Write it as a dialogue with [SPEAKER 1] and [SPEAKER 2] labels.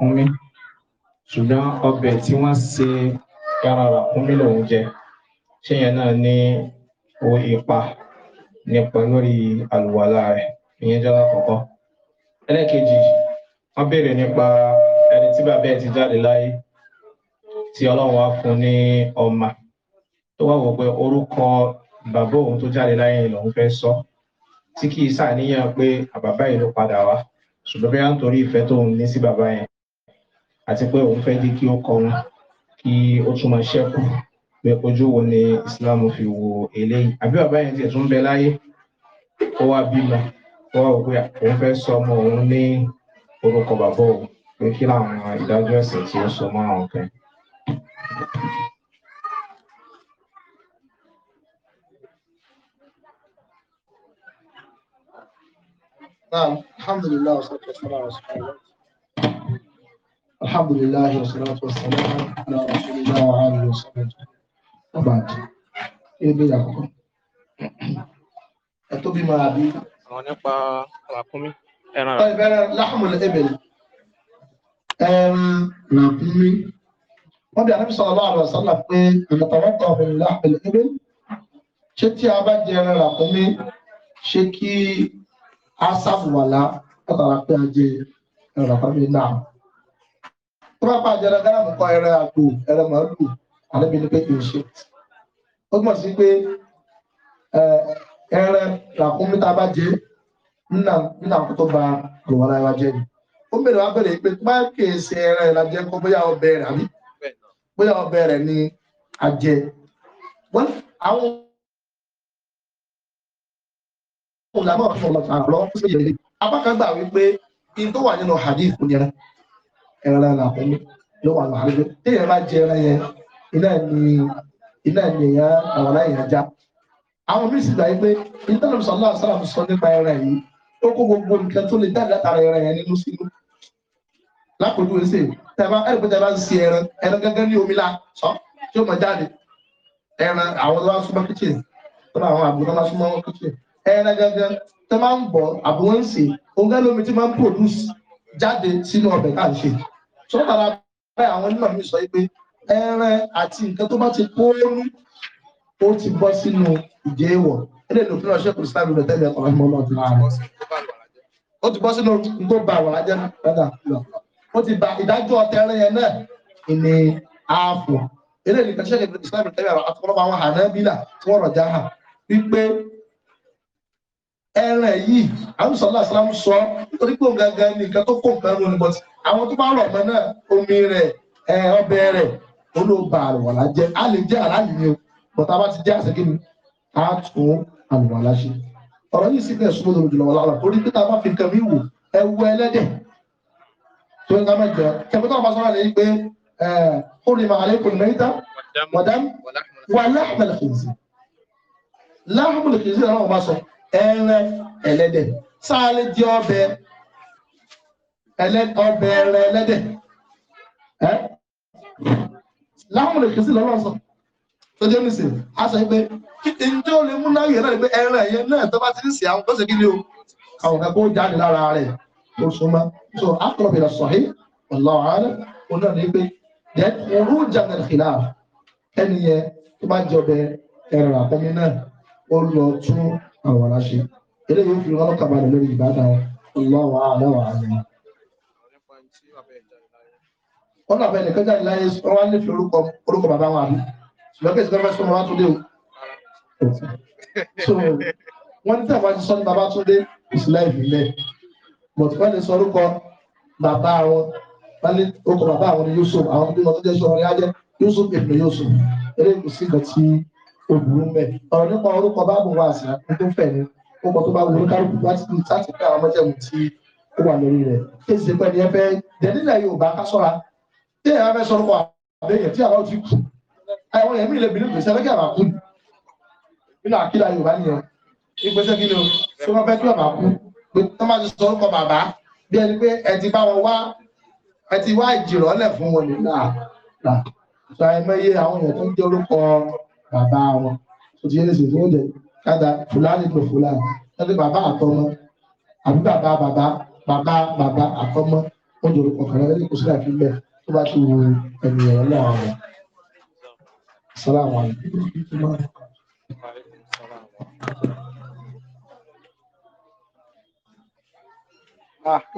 [SPEAKER 1] ràkúnmí ṣùgbọ́n ọbẹ̀ tí wọ́n ṣe yàrá ràkúnmí lòún jẹ ṣé yẹn náà ní o ipa nípa lórí àlùwàlá rẹ̀ ìyẹn jẹ́ lákọ̀ọ́kọ́ ẹlẹ́ẹ̀kejì wọ́n béèrè nípa ẹni tí bàbá ẹ̀ ti jáde láyé tí ọlọ́run wá fún ní ọmọ tó wá wò pé orúkọ bàbá òun tó jáde láyé lòun fẹ́ sọ tí kì í ṣàníyàn pé àbàbá yìí ló padà wá ṣùgbọ́n bí wọ́n ń torí ìfẹ́ tóun ní sí bàbá yẹn àti pé òun fẹ́ jẹ́ kí ó kọ wọn kí ó tún máa ṣẹ́kù pé ojú wo ni Islam fi wo eléyìí àbí bàbá yẹn tiẹ̀ tún bẹ láyé ó wá bímọ ó wá wò pé òun fẹ́ sọ ọmọ òun ní orúkọ bàbá òun pé kí làwọn ìdájọ́ ẹ̀sìn tí ó so mọ́ àwọn kan.
[SPEAKER 2] نعم الحمد لله والصلاة والسلام على رسول الله الحمد لله والصلاة والسلام على رسول الله وعلى آله وصحبه وبعد ibi àkọ́kọ́ ẹ tó bí máa bí.
[SPEAKER 1] àwọn nípa ràkúnmí ẹran rẹ. ìbẹ̀rẹ̀ láhùnmùlẹ̀ ebèl
[SPEAKER 2] ràkúnmí wọ́n bí anábì sọ̀rọ̀ láàrọ̀ sọ́là pé ìmọ̀tàwọ́tà ọ̀hún láhùnmùlẹ̀ ebèl ṣé tí a bá jẹ ẹran ràkúnmí ṣé kí a sáfùwàlá látara pé a jẹ ẹran ràkúnmí náà tó bá pa àjẹrẹ gánàmù kọ ẹrẹ àgbò ẹrẹ màálù àlébi ni pé ìṣe ó túmọ̀ sí pé ẹrẹ làkúnmí tá a bá jẹ nínà nínà kó tó ba àlùwàlá wa jẹ ni ó ń wá bèrè pé má kèé ṣe ẹrẹ ìlàjẹ kó bóyá ọbẹ̀ rẹ̀ àbí bóyá ọbẹ̀ rẹ̀ ni àjẹ wọn àwọn olùdámọ̀ ọ̀ṣọ́ ọ̀lọ́ta àlọ́ ó sì yẹ apá kan gbà wípé in tó wà nínú hadith nìyẹn ẹran làkúnmí ló wà làkúnmí téèyàn bá jẹ ẹran yẹn iná ni iná ni èèyàn àwọn aláìyàn já àwọn míì sì gbà yí pé ìtàlùm sọlá sàlám sọ nípa ẹran yìí ó kó gbogbo nǹkan tó lè dáadáa tara ẹran yẹn nínú sínú lápòjú ẹsẹ tẹbá ẹrù pé tẹbá ń se ẹran ẹran gángan ní omi la sọ tí ó mọ jáde ẹran àwọn tó bá súnmọ́ kíchìn tó bá àwọn àbúrò tó bá súnmọ́ kíchìn ẹran gángan tẹ máa ń bọ àbúrò ń sè ó lómi tí máa ń produce jáde sínú ọbẹ̀ tá à ń ṣe tó tara bẹ́ẹ̀ àwọn onímọ̀ mi sọ pé ẹran àti nǹkan tó bá ti kó ní ó ti bọ́ sínú ìjẹ́ ìwọ̀ ẹ̀rẹ́ ló fún ọṣẹ́ kò sí tábìlì tẹ́lẹ̀ ọ̀rọ̀ ọmọ ọmọ ọdún ààrẹ ó ti bọ́ sínú tó ba àwọn ajẹ́ padà lọ ó ti ba ìdájọ́ ọ̀tẹ̀rẹ̀ yẹn náà ìní ààfọ̀ ẹ̀rẹ́ ló fún ọṣẹ́ kò sí tábìlì tẹ́lẹ̀ ọ̀rọ̀ àtọ́kọ́lọ́mọ ẹran yìí àmúṣọlá sàlámù sọ nítorí pé òun gangan ní nǹkan tó kó nǹkan lónìí but àwọn tó bá rọ̀ mọ́ náà omi rẹ̀ ọbẹ̀ rẹ̀ olóògbà àlùwàlá jẹ́ a lè jẹ́ àlàyé ni o bọ̀tà bá ti jẹ́ àṣekínú a tún àlùwàlá ṣe ọ̀rọ̀ yìí sì bẹ́ẹ̀ súnmọ́ lórí jùlọ wàlá torí pé tá a bá fi nǹkan mi wò ẹ wú ẹlẹ́dẹ̀ tó ń gbàmọ̀ ẹran ẹlẹ́dẹ̀ sáálé jẹ́ ọbẹ̀ ọbẹ̀ ẹran ẹlẹ́dẹ̀ ẹ́ láwọn èkìsí lọ́lọ́sọ tó jẹ́ nìsín a sọ pé ǹjẹ́ o lè mú náà yẹn náà pé ẹran ẹ̀yẹn náà tó bá ti ń sè àwọn tó ṣe kí ni o àwọn kan kó jáde lára rẹ̀ ó súnmọ́ so akọ̀rọ̀ bẹ̀rẹ̀ sọ̀hí wallahu a'lam òun náà ní pé then khurujan min khilaf ẹni yẹn tó bá jẹ ọbẹ̀ ẹran àtọ́mí náà ó lọ tún àwọn aláṣẹ eléyìí ń fi wọn lọ́kàn balẹ̀ lórí ìbátan ọlọ́wà àdáwà àgbẹ̀ wọn náà bẹ̀rẹ̀ nìkan jáde láyé wọn wá nífẹ̀ẹ́ orúkọ orúkọ bàbá wọn àbí ṣùgbọ́n so wọn ní tàbá ti sọ ní bàbá túndé ìsìlẹ̀ ìbílẹ̀ but wọn lè sọ orúkọ bàbá wọn wọn ní orúkọ bàbá wọn ní Yusuf àwọn tó ń lọ tó jẹ́ sọ wọn ní ajẹ́ Yusuf ìbìlẹ̀ Yusuf eré kò sí ìgbà obìnrin mẹ ọ̀rọ̀ nípa orúkọ báàbù wa àṣà ní tó fẹ́ ni ó kọ tó bá wọlé kálukú láti ní láti pé àwọn mọ́jẹ̀mú tí ó wà lórí rẹ̀ kí èsì pẹ́ ni ẹ fẹ́ dẹ́nílẹ̀ Yorùbá ká sọ́ra tí èèyàn fẹ́ sọ́rọ́ kọ àbẹ́yẹ tí àwọn ti kù àwọn èèyàn mìíràn bìnrin gbèsè lẹ́kẹ̀ àbá kú nínú àkílà Yorùbá nìyẹn ìgbésẹ̀ kí ni o tí wọ́n fẹ́ kí àbá kú pé tó má ti sọ́rọ́ kọ bàbá bí ẹni pé ẹ ti bá wọn wá ẹ ti wá ìjìrọ̀lẹ̀ fún wọn nígbà náà ṣàìmọye àwọn èèyàn tó ń bàbá wọn tó ti yé ní ìsìnkú oúnjẹ kádà fúlàní ló fúlàní lọ́dún bàbá àtọmọ àbí bàbá bàbá bàbá bàbá àtọmọ oúnjẹ olùkọ́ kan lọ́dún kò sílẹ̀ fi bẹ́ẹ̀ tó bá ti wù ènìyàn náà wọn. Assalamu
[SPEAKER 1] alaikum. Ah.